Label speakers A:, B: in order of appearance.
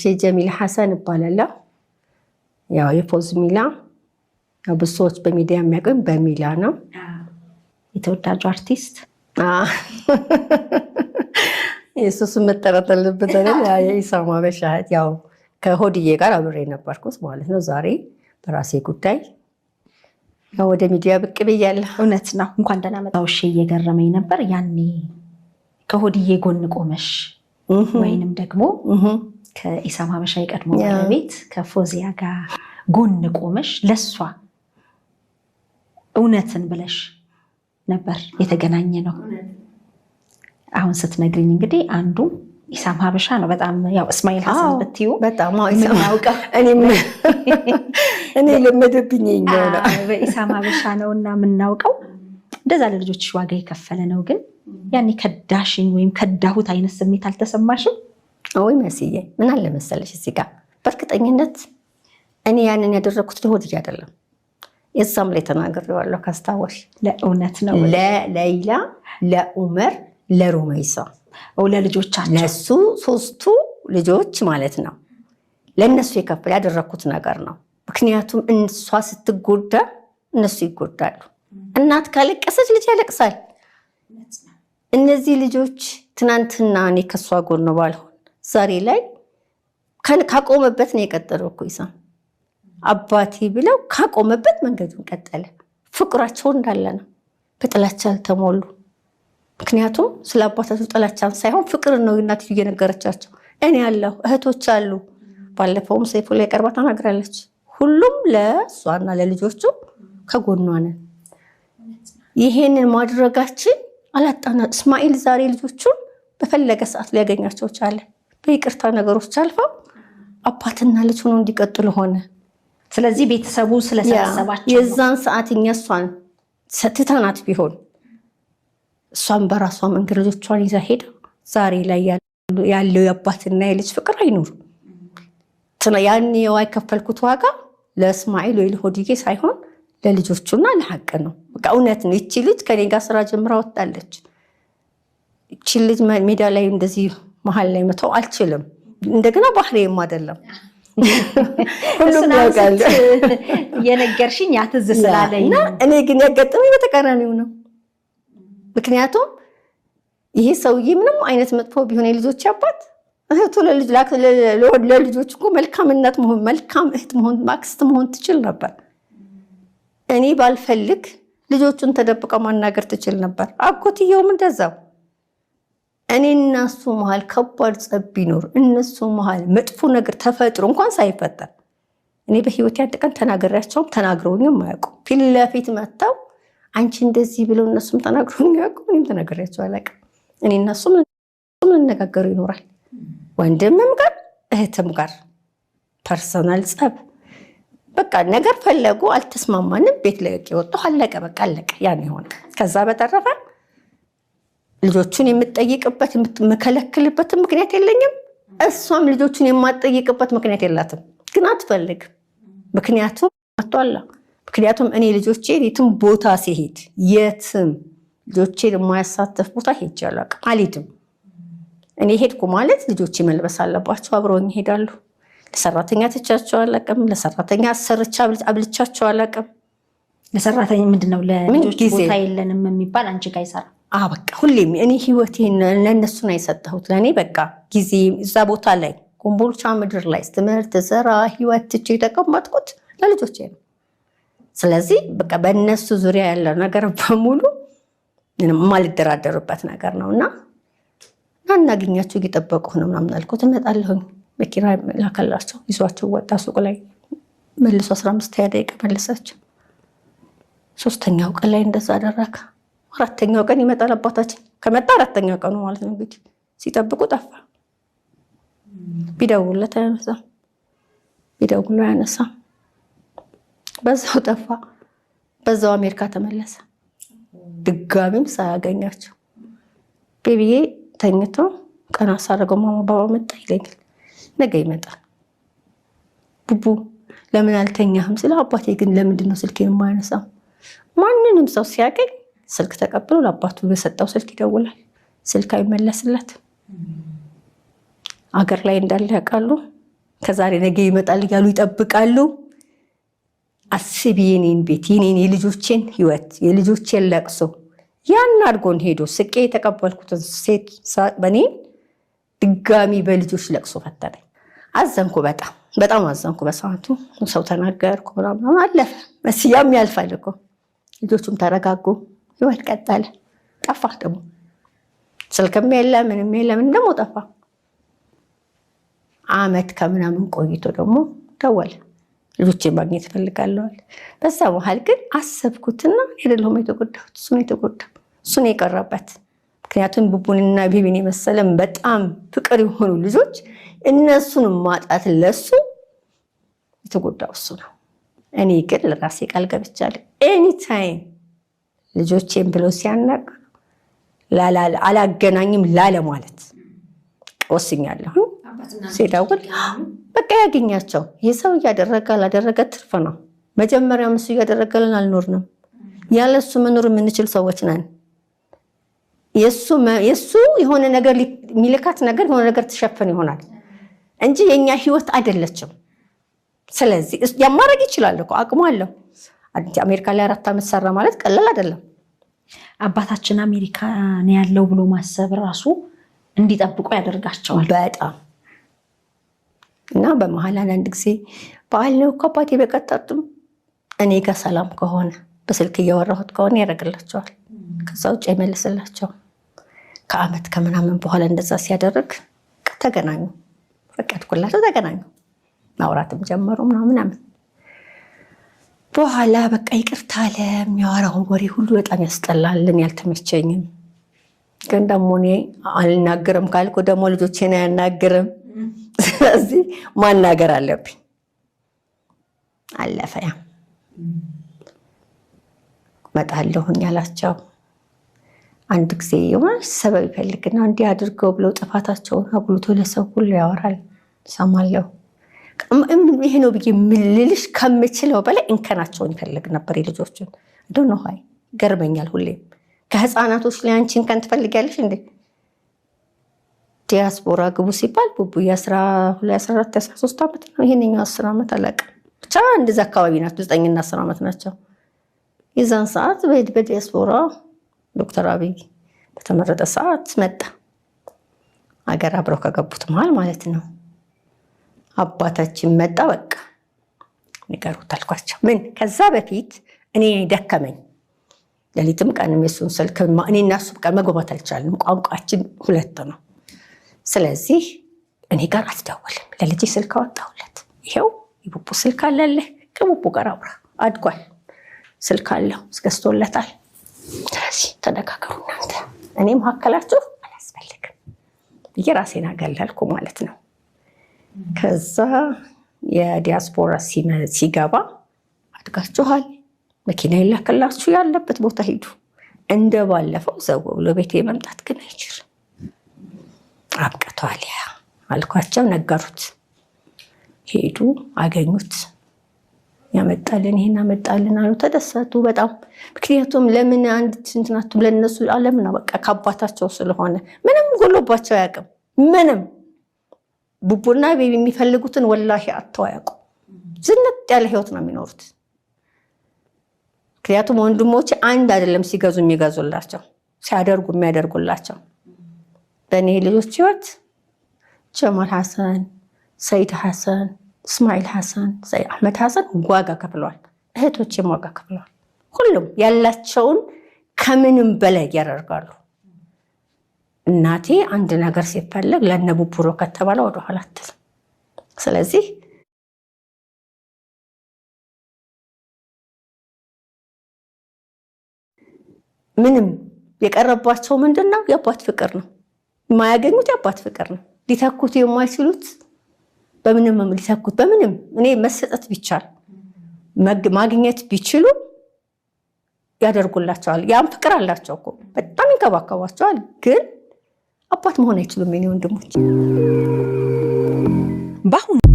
A: ሴ ጀሚል ሐሰን እባላለሁ። ያው የፎዝ ሚላ ብዙ ሰዎች በሚዲያ የሚያውቁኝ በሚላ ነው።
B: የተወዳጁ አርቲስት
A: የሱስ መጠረት አለበት የኢሳም ያው ከሆድዬ ጋር አብሬ የነበርኩት ማለት ነው። ዛሬ በራሴ ጉዳይ ያው ወደ ሚዲያ ብቅ ብያለሁ።
B: እውነት ነው። እንኳን ደህና መጣሽ። እየገረመኝ ነበር ያኔ ከሆድዬ ጎን ቆመሽ ወይንም ደግሞ ከኢሳም ሀበሻ የቀድሞ ባለቤት ከፎዚያ ጋር ጎን ቆመሽ ለሷ እውነትን ብለሽ ነበር የተገናኘ ነው። አሁን ስትነግሪኝ እንግዲህ አንዱ ኢሳም ሀበሻ ነው። በጣም ያው እስማኤል ሀሰን
A: ብትዩ በጣም እኔ ለመደብኝ
B: በኢሳም ሀበሻ ነው እና የምናውቀው እንደዛ ለልጆች ዋጋ የከፈለ ነው ግን ያኔ ከዳሽኝ ወይም ከዳሁት አይነት ስሜት አልተሰማሽም?
A: ወይ መስዬ ምን አለ መሰለሽ እዚህ ጋር በእርግጠኝነት እኔ ያንን ያደረግኩት ለሆድዬ አይደለም። የዛም ላይ ተናግሬዋለሁ ካስታወሽ፣
B: ለእውነት ነው
A: ለለይላ፣ ለኡመር፣ ለሩመይሳ ለልጆቻቸው ለሱ ሶስቱ ልጆች ማለት ነው ለእነሱ የከፍል ያደረግኩት ነገር ነው። ምክንያቱም እሷ ስትጎዳ እነሱ ይጎዳሉ። እናት ካለቀሰች ልጅ ያለቅሳል። እነዚህ ልጆች ትናንትና እኔ ከሷ ጎን ባልሆን ዛሬ ላይ ካቆመበት ነው የቀጠለው እኮ ይሳም አባቴ ብለው ካቆመበት መንገዱን ቀጠለ። ፍቅራቸው እንዳለ ነው። በጥላቻ አልተሞሉ። ምክንያቱም ስለ አባታቸው ጥላቻን ሳይሆን ፍቅር ነው እናትዬ እየነገረቻቸው። እኔ ያለሁ እህቶች አሉ። ባለፈውም ሰይፉ ላይ ቀርባ ተናግራለች። ሁሉም ለእሷና ለልጆቹ ከጎኗ ነን። ይሄንን ማድረጋችን አላጣና እስማኤል ዛሬ ልጆቹን በፈለገ ሰዓት ሊያገኛቸው ቻለ። በይቅርታ ነገሮች አልፈው አባትና ልጅ ሆነው እንዲቀጥሉ
B: ሆነ። ስለዚህ ቤተሰቡ ስለሰበሰባቸው
A: የዛን ሰዓት እኛ እሷን ሰትተናት ቢሆን እሷን በራሷ መንገድ ልጆቿን ይዛ ሄዳ ዛሬ ላይ ያለው የአባትና የልጅ ፍቅር አይኖርም። ያን የዋ የከፈልኩት ዋጋ ለእስማኤል ወይ ለሆድዬ ሳይሆን ለልጆቹና ለሀቅ ነው። በቃ እውነት ነው። ይቺ ልጅ ከኔ ጋር ስራ ጀምራ ወጣለች። ይቺ ልጅ ሜዳ ላይ እንደዚህ መሀል ላይ መተው አልችልም። እንደገና ባህሬም አይደለም
B: ሁሉም ያውቃል። የነገርሽኝ ያትዝ ስላለኝ
A: እኔ ግን ያጋጠመኝ በተቃራኒው ነው። ምክንያቱም ይሄ ሰውዬ ምንም አይነት መጥፎ ቢሆን የልጆች አባት እህቱ ለልጆች እኮ መልካም እናት መሆን መልካም እህት መሆን ማክስት መሆን ትችል ነበር። እኔ ባልፈልግ ልጆቹን ተደብቀው ማናገር ትችል ነበር። አጎትየውም እንደዛው እኔ እናሱ መሀል ከባድ ጸብ ቢኖር እነሱ መሀል መጥፎ ነገር ተፈጥሮ እንኳን ሳይፈጠር እኔ በህይወት አንድ ቀን ተናግሬያቸውም ተናግረውኝም አያውቁም። ፊት ለፊት መጥተው አንቺ እንደዚህ ብለው እነሱም ተናግረውኝ አያውቁም። እኔም ተናግሬያቸው አላውቅም። እኔ እና መነጋገሩ ይኖራል፣ ወንድምም ጋር እህትም ጋር ፐርሰናል ጸብ በቃ ነገር ፈለጉ፣ አልተስማማንም። ቤት ለቅ የወጡ አለቀ፣ በቃ አለቀ። ያን የሆነ ከዛ በተረፈ ልጆቹን የምጠይቅበት የምከለክልበትን ምክንያት የለኝም። እሷም ልጆቹን የማጠይቅበት ምክንያት የላትም፣ ግን አትፈልግም። ምክንያቱም አቷላ ምክንያቱም እኔ ልጆቼ የትም ቦታ ሲሄድ የትም ልጆቼን የማያሳተፍ ቦታ ሄጄ አልሄድም። እኔ ሄድኩ ማለት ልጆቼ መልበስ አለባቸው፣ አብረውኝ ይሄዳሉ። ለሰራተኛ ትቻቸው አላውቅም። ለሰራተኛ አሰርቻ አብልቻቸው
B: አላውቅም። ለሰራተኛ ምንድን ነው ለልጆች ቦታ የለንም የሚባል አንቺ ጋ ይሰራ
A: በቃ ሁሌም እኔ ህይወት ለእነሱን አይሰጠሁት ለእኔ በቃ ጊዜ እዛ ቦታ ላይ ኮምቦልቻ ምድር ላይ ትምህርት፣ ስራ፣ ህይወት ትቼ የተቀመጥኩት ለልጆች ነው። ስለዚህ በቃ በእነሱ ዙሪያ ያለው ነገር በሙሉ የማልደራደርበት ነገር ነው እና እናገኛቸው እየጠበቁ ነው ምናምን አልኩት እመጣለሁኝ መኪና ላከላቸው። ይዟቸው ወጣ። ሱቅ ላይ መልሶ አስራ አምስት ደቂቃ መለሳቸው። ሶስተኛው ቀን ላይ እንደዛ አደረከ። አራተኛው ቀን ይመጣል አባታችን። ከመጣ አራተኛው ቀኑ ማለት ነው እንግዲህ። ሲጠብቁ ጠፋ። ቢደውለት አያነሳም፣ ቢደውሉ አያነሳም። በዛው ጠፋ። በዛው አሜሪካ ተመለሰ። ድጋሚም ሳያገኛቸው ቤቢዬ ተኝቶ ቀና ሳደርገው ማማ ባባ መጣ ይለኛል። ነገ ይመጣል። ቡቡ ለምን አልተኛህም ስለ አባቴ ግን ለምንድን ነው ስልኬን የማያነሳው? ማንንም ሰው ሲያገኝ ስልክ ተቀብሎ ለአባቱ በሰጠው ስልክ ይደውላል። ስልክ አይመለስለት። አገር ላይ እንዳለ ያውቃሉ። ከዛሬ ነገ ይመጣል እያሉ ይጠብቃሉ። አስቢ የኔን ቤት የኔን የልጆቼን ህይወት የልጆቼን ለቅሶ ያን አድጎን ሄዶ ስቄ የተቀበልኩትን ሴት በኔን ድጋሚ በልጆች ለቅሶ ፈተነኝ። አዘንኩ። በጣም በጣም አዘንኩ። በሰዓቱ ሰው ተናገርኩ ምናምን አለፈ። መስያም ያልፋል እኮ ልጆቹም ተረጋጉ። ህይወት ቀጠለ። ጠፋ ደግሞ ስልክም የለ ምንም የለ ምን ደግሞ ጠፋ። አመት ከምናምን ቆይቶ ደግሞ ደወለ። ልጆቼ ማግኘት እፈልጋለዋል። በዛ መሀል ግን አሰብኩትና አይደለሁም የተጎዳሁት፣ እሱን የተጎዳ፣ እሱን የቀረበት ምክንያቱም ቡቡንና ቢቢን የመሰለም በጣም ፍቅር የሆኑ ልጆች እነሱን ማጣት ለሱ የተጎዳው እሱ ነው። እኔ ግን ለራሴ ቃል ገብቻለሁ። ኤኒታይም ልጆቼን ብለው ሲያናግር አላገናኝም ላለ ማለት ወስኛለሁ። ሲደውል በቃ ያገኛቸው። ይህ ሰው እያደረገ ላደረገ ትርፍ ነው። መጀመሪያም እሱ እያደረገልን አልኖርንም። ያለ መኖር የምንችል ሰዎች ነን። የእሱ የሆነ ነገር የሚልካት ነገር የሆነ ነገር ትሸፍን ይሆናል እንጂ የእኛ ህይወት አይደለችም። ስለዚህ ያማረግ ይችላል እኮ አቅሙ አለው። አሜሪካ ላይ አራት ዓመት ሰራ ማለት ቀላል አይደለም።
B: አባታችን አሜሪካ ነው ያለው ብሎ ማሰብ ራሱ እንዲጠብቁ ያደርጋቸዋል
A: በጣም እና በመሀል አንዳንድ ጊዜ በዓል ነው እኮ አባቴ በቀጠርጥም እኔ ጋር ሰላም ከሆነ በስልክ እያወራሁት ከሆነ ያደርግላቸዋል። ከዛ ውጭ አይመልስላቸውም። ከአመት ከምናምን በኋላ እንደዛ ሲያደርግ ተገናኙ። ፈቀድኩላቸው፣ ተገናኙ፣ ማውራትም ጀመሩ ምናምን በኋላ በቃ ይቅርታ አለ። የሚያወራውን ወሬ ሁሉ በጣም ያስጠላልን፣ ያልተመቸኝም ግን ደግሞ እኔ አልናገርም ካልኩ ደግሞ ልጆቼን አያናግርም። ስለዚህ ማናገር አለብኝ። አለፈ ያ መጣለሁኝ ያላቸው አንድ ጊዜ የሆነ ሰበብ ይፈልግና እንዲህ አድርገው ብለው ጥፋታቸውን አጉልቶ ለሰው ሁሉ ያወራል። ሰማለሁ ይሄ ነው ብዬ ምልልሽ ከምችለው በላይ እንከናቸውን ይፈልግ ነበር የልጆችን ዶነ ሀይ ገርመኛል። ሁሌም ከህፃናቶች ላይ አንቺ እንከን ትፈልጊያለሽ እንዴ? ዲያስፖራ ግቡ ሲባል ቡቡ የአስራ ሁለት 13 ሶስት ዓመት ነው ይሄንኛው አስር ዓመት አላውቅም ብቻ እንደዚ አካባቢ ናቸው። ዘጠኝና አስር ዓመት ናቸው የዛን ሰዓት በዲያስፖራ ዶክተር አብይ በተመረጠ ሰዓት መጣ። አገር አብረው ከገቡት መሃል ማለት ነው። አባታችን መጣ። በቃ ንገሩት አልኳቸው። ምን ከዛ በፊት እኔ ደከመኝ፣ ሌሊትም ቀንም የሱን ስልክ እኔ እና እሱ በቃ መግባባት አልቻልንም። ቋንቋችን ሁለት ነው። ስለዚህ እኔ ጋር አትደውልም። ለልጅ ስልክ አወጣሁለት። ይሄው የቡቡ ስልክ አለልህ፣ ከቡቡ ጋር አውራ አድጓል። ስልክ አለው ገዝቶለታል። ስለዚህ ተነጋገሩ እናንተ፣ እኔ መካከላችሁ አላስፈልግም ብዬ ራሴን አገለልኩ ማለት ነው። ከዛ የዲያስፖራ ሲገባ አድጋችኋል፣ መኪና ይላክላችሁ፣ ያለበት ቦታ ሂዱ። እንደ ባለፈው ዘው ብሎ ቤቴ መምጣት ግን አይችልም። አብቅቷል ያ አልኳቸው። ነገሩት፣ ሄዱ፣ አገኙት። ያመጣልን ይሄን አመጣልን አሉ። ተደሰቱ በጣም ምክንያቱም ለምን አንድ ትንትናቱ ለነሱ አለምና በቃ ከአባታቸው ስለሆነ ምንም ጎሎባቸው አያውቅም። ምንም ቡቡና ቤቢ የሚፈልጉትን ወላሂ አጥተው አያውቁም። ዝንጥ ያለ ህይወት ነው የሚኖሩት። ምክንያቱም ወንድሞች አንድ አይደለም ሲገዙ የሚገዙላቸው፣ ሲያደርጉ የሚያደርጉላቸው። በእኔ ልጆች ህይወት ጀማል ሐሰን፣ ሰይድ ሐሰን እስማኤል ሐሰን፣ ሰይ አሕመድ ሐሰን ዋጋ ከፍለዋል። እህቶችም ዋጋ ከፍለዋል። ሁሉም ያላቸውን ከምንም በላይ ያደርጋሉ። እናቴ አንድ ነገር ሲፈለግ ለነቡቡሮ ከተባለ ወደኋላ አትልም። ስለዚህ ምንም የቀረባቸው ምንድን ነው? የአባት ፍቅር ነው። የማያገኙት የአባት ፍቅር ነው። ሊተኩት የማይችሉት በምንም ሊተኩት በምንም እኔ መሰጠት ቢቻል ማግኘት ቢችሉ ያደርጉላቸዋል። ያም ፍቅር አላቸው እኮ በጣም ይንከባከቧቸዋል። ግን አባት መሆን አይችሉም የኔ ወንድሞች በአሁኑ